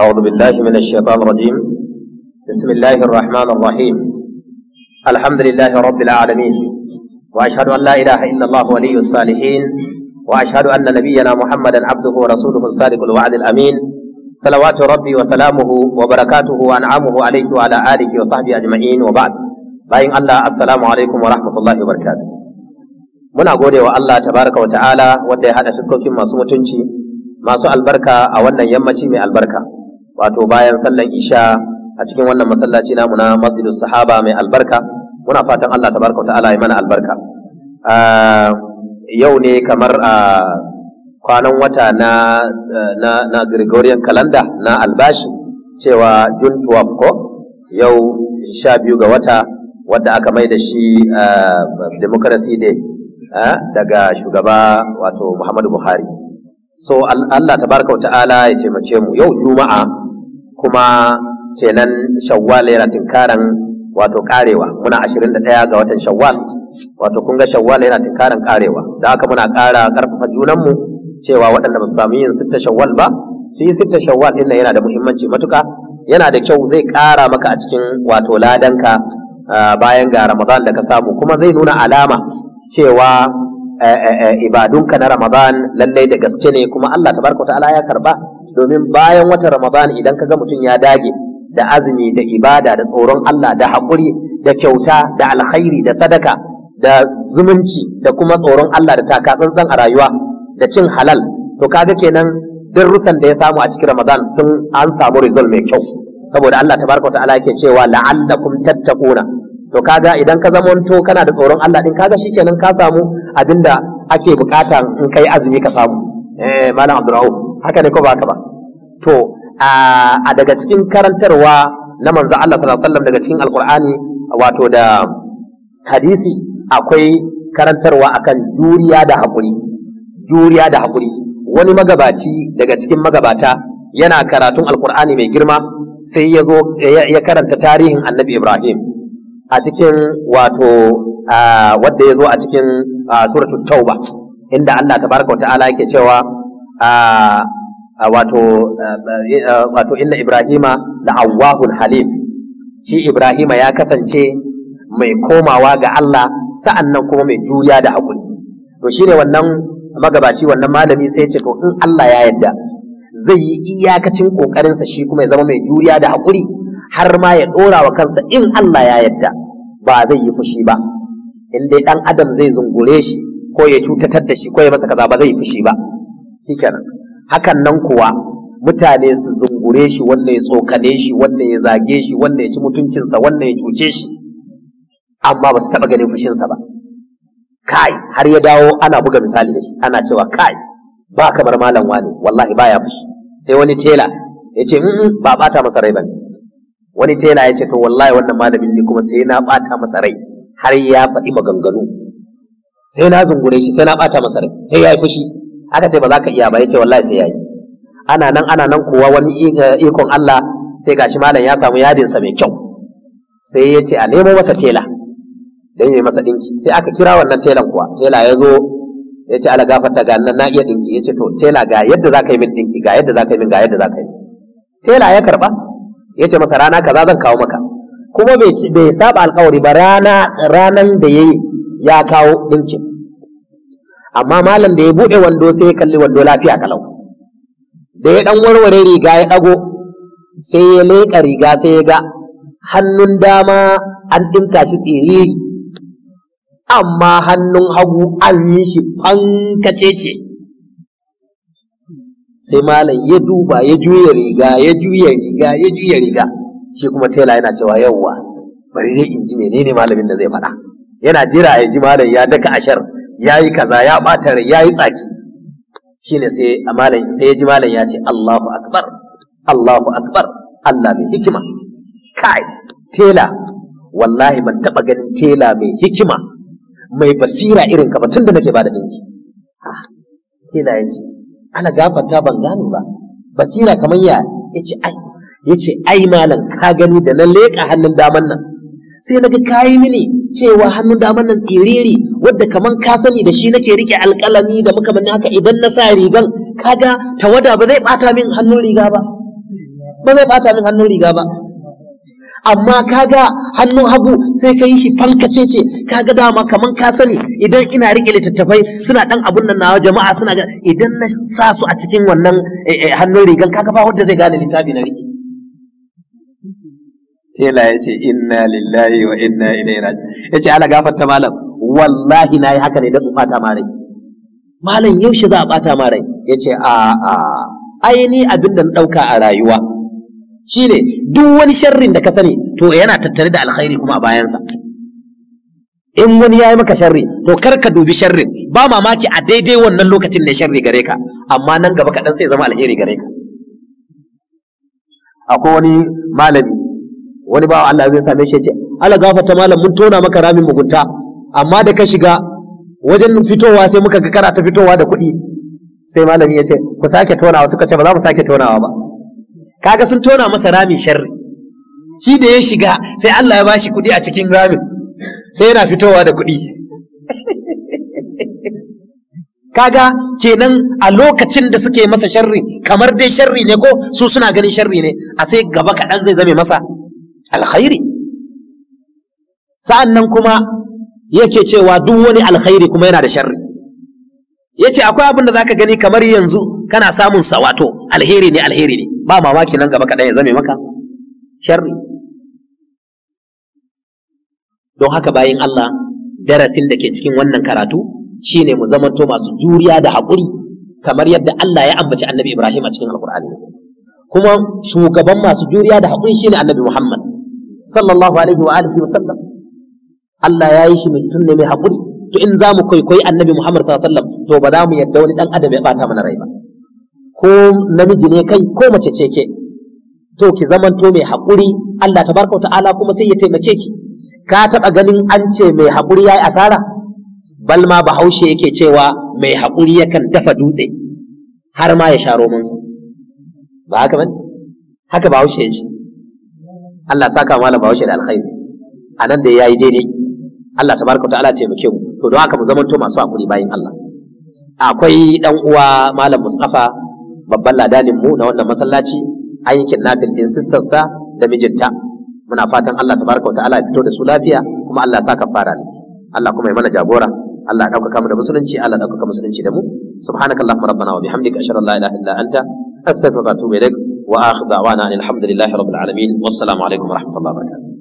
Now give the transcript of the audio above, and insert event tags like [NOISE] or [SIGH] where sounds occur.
أعوذ بالله من الشيطان الرجيم بسم الله الرحمن الرحيم الحمد لله رب العالمين وأشهد أن لا إله إلا الله ولي الصالحين وأشهد أن نبينا محمدا عبده ورسوله الصادق الوعد الأمين صلوات ربي وسلامه وبركاته وأنعامه عليه وعلى آله وصحبه أجمعين وبعد bayan Allah assalamu alaikum wa rahmatullahi wa barakatuh muna gode wa Allah tabaraka wa ta'ala wanda ya hada fiskokin masu mutunci masu albarka a wannan yammaci mai albarka wato bayan sallan isha a cikin wannan masallaci namu na masjidus sahaba mai albarka muna fatan Allah tabaraka wa ta'ala ya mana albarka ah, yau ne kamar a ah, kwanan wata na na na Gregorian calendar na albashi cewa June 12 yau sha biyu ga wata wadda aka mai da shi ah, democracy day daga shugaba wato Muhammadu Buhari so Allah tabaraka wa ta'ala ya taimake mu yau juma'a kuma kenan shawwal yana tinkaran wato karewa muna 21 ga watan shawwal wato kun ga shawwal yana tinkaran karewa da haka muna kara karfafa junanmu cewa waɗanda ba su samu yin sitta shawwal ba su yi sitta shawwal yana da muhimmanci matuka yana da kyau zai kara maka a cikin wato ladanka bayan ga ramadan da ka samu kuma zai nuna alama cewa eh, eh, eh, ibadunka na ramadan lallai da gaske ne kuma Allah tabaraka ta'ala ya karba domin bayan wata ramadan idan ka ga mutum ya dage da azumi da ibada da tsoron Allah da haƙuri da kyauta da alkhairi da sadaka da zumunci da kuma tsoron Allah da takatsantsan a rayuwa da cin halal to kaga kenan darussan da ya samu a cikin ramadan sun an samu result mai kyau saboda Allah tabaraka ta'ala yake cewa la'allakum tattaquna to kaga idan ka zama zamanto kana da tsoron Allah din kaga shikenan ka samu abinda ake bukata in kai azumi ka samu eh malam Abdurrahman haka ne ko ba haka ba to a daga cikin karantarwa na manzo Allah sallallahu alaihi daga cikin alqur'ani wato da hadisi akwai karantarwa akan juriya da haƙuri juriya da hakuri wani magabaci daga cikin magabata yana karatun alqur'ani mai girma sai ya zo ya karanta tarihin annabi ibrahim a cikin wato wadda ya zo a cikin suratul tauba inda Allah tabaraka wa ta'ala yake cewa wato inna ibrahima da la'awwahun halim shi ibrahima ya kasance mai komawa ga Allah sa'an nan kuma mai juriya da haƙuri to shi ne wannan magabaci wannan malami sai ce to in Allah ya yarda zai yi iyakacin ƙoƙarinsa shi kuma ya zama mai juriya da haƙuri har ma ya ɗora wa kansa in Allah ya yarda ba zai yi fushi ba in dai ɗan adam zai zungure shi ko ya cutatar da shi ko ya masa kaza ba zai yi fushi ba shikenan hakan nan kuwa mutane su zungure shi wanda ya tsokane shi wanda ya zage shi wanda ya ci mutuncinsa wanda ya cuce shi amma ba su taɓa ganin fushinsa ba kai har ya dawo ana buga misali da shi ana cewa kai ba kamar malam wani wallahi baya fushi sai wani tela ya ce ba bata masa rai ba wani tela ya ce to wallahi wannan malamin ne kuma sai na bata masa rai har ya faɗi maganganu sai na zungure shi sai na bata masa rai sai ya yi fushi aka ce ba za ka iya ba yace wallahi sai yayi ana nan ana nan kowa wani ikon Allah sai gashi malam ya samu yadinsa mai kyau sai ya ce a nemo masa tela dan yayi masa dinki sai aka kira wannan telan kuwa tela ya zo ya ce ala gafar daga nan na iya dinki ya ce to tela ga yadda za ka yi min dinki ga yadda za ka yi min ga yadda za ka yi tela ya karba ya ce masa rana kaza zan kawo maka kuma bai saba alkawari ba rana ranan da ya ya kawo dinkin amma malam da ya buɗe wando sai ya kalli wando lafiya kalau da ya ɗan warware riga ya ɗago sai ya leƙa riga sai ya ga hannun dama an ɗinka shi tsiriri amma hannun hagu an yi shi fankacece sai malam ya duba ya juya riga ya juya riga ya juya riga shi kuma tela yana cewa yawwa bari zai in menene malamin da zai faɗa yana jira ya ji malam ya daka ashar ya yi kaza ya ɓata rai ya yi tsaki shine sai malam sai ya ji malam ya ce Allahu akbar Allahu akbar Allah mai hikima kai tela wallahi ban taba ganin tela mai hikima mai basira irin ka ba tun da nake bada dinki ah, tela ya ce ana gafarta ban gane ba basira kamar ya yace ai yace ai malam ka gani da na leƙa hannun daman nan sai naga kayi mini cewa hannun daman nan tsiriri wadda kaman ka sani da shi nake rike alƙalami da muka haka idan na sa rigan kaga tawada ba zai bata min hannun riga ba ba zai bata min hannun riga ba amma kaga hannun hagu sai ka yi shi fankace ce kaga dama kaman ka sani idan ina rike littattafai suna dan abun nan nawa jama'a suna idan na sa su a cikin wannan eh, eh, hannun rigan kaga ba wanda zai gane littafi na rike tela ya ce inna lillahi wa inna ilaihi raji ya ce ala gafarta malam wallahi na yi haka ne don bata ma rai malam yaushe za a bata ma rai ya a a aini abin da na ɗauka a rayuwa shine duk wani sharrin da ka sani to yana tattare da alkhairi kuma a bayansa in wani ya yi maka sharri to kar ka dubi sharrin ba mamaki a daidai wannan lokacin ne sharri gare ka amma nan gaba kaɗan sai zama alheri gare ka akwai wani malami wani bawa Allah zai same shi ya ce Allah gafarta malam mun tona maka ramin mugunta amma da ka shiga wajen fitowa sai muka ga kana ta fitowa da kuɗi sai malami ya ce ku sake tonawa suka ce ba za mu sake tonawa ba kaga sun tona masa ramin sharri shi da ya shiga sai Allah ya bashi kuɗi a cikin ramin sai yana fitowa da kuɗi [LAUGHS] kaga kenan a lokacin da suke masa sharri kamar dai sharri ne ko su suna ganin sharri ne a sai gaba kaɗan zai zame masa alkhairi sa'an nan kuma yake cewa duk wani alkhairi kuma yana da sharri ya ce akwai abin da zaka gani kamar yanzu kana samun sawato alheri ne alheri ne ba mamaki nan gaba kaɗai ya zame maka sharri don haka bayin Allah darasin da ke cikin wannan karatu shine mu zamanto masu juriya da haƙuri kamar yadda Allah ya ambaci annabi Ibrahim a cikin alƙur'ani kuma shugaban masu juriya da haƙuri shine annabi Muhammad sallallahu alaihi wa alihi wa sallam Allah ya yi shi mutum ne mai haƙuri to in za mu kwaikwayi annabi Muhammad sallallahu alaihi to ba za mu yadda wani dan adam ya bata mana rai ba ko namiji ne kai ko mace ce ke to ki zamanto mai haƙuri Allah tabaraka ta'ala kuma sai ya taimake ki ka taɓa ganin an ce mai haƙuri yayi asara bal ma bahaushe yake cewa mai haƙuri yakan dafa dutse har ma ya sha romansa ba haka bane haka bahaushe ya ce Allah saka malam Bahaushe da alkhairi a nan da ya yi daidai Allah ta tabaraka ta'ala taimake mu to don haka mu zamanto masu hakuri bayan Allah akwai dan uwa malam Mustafa babban ladanin mu na wannan masallaci an yi kidnapping din sister sa da mijinta muna fatan Allah tabaraka ta'ala ya fito da su lafiya kuma Allah saka fara ne Allah kuma ya mana jagora Allah ɗaukaka mu da musulunci Allah ɗaukaka musulunci da mu subhanakallahumma rabbana wa bihamdika ashhadu an la ilaha illa anta astaghfiruka wa atubu ilaik واخر دعوانا ان الحمد لله رب العالمين والسلام عليكم ورحمه الله وبركاته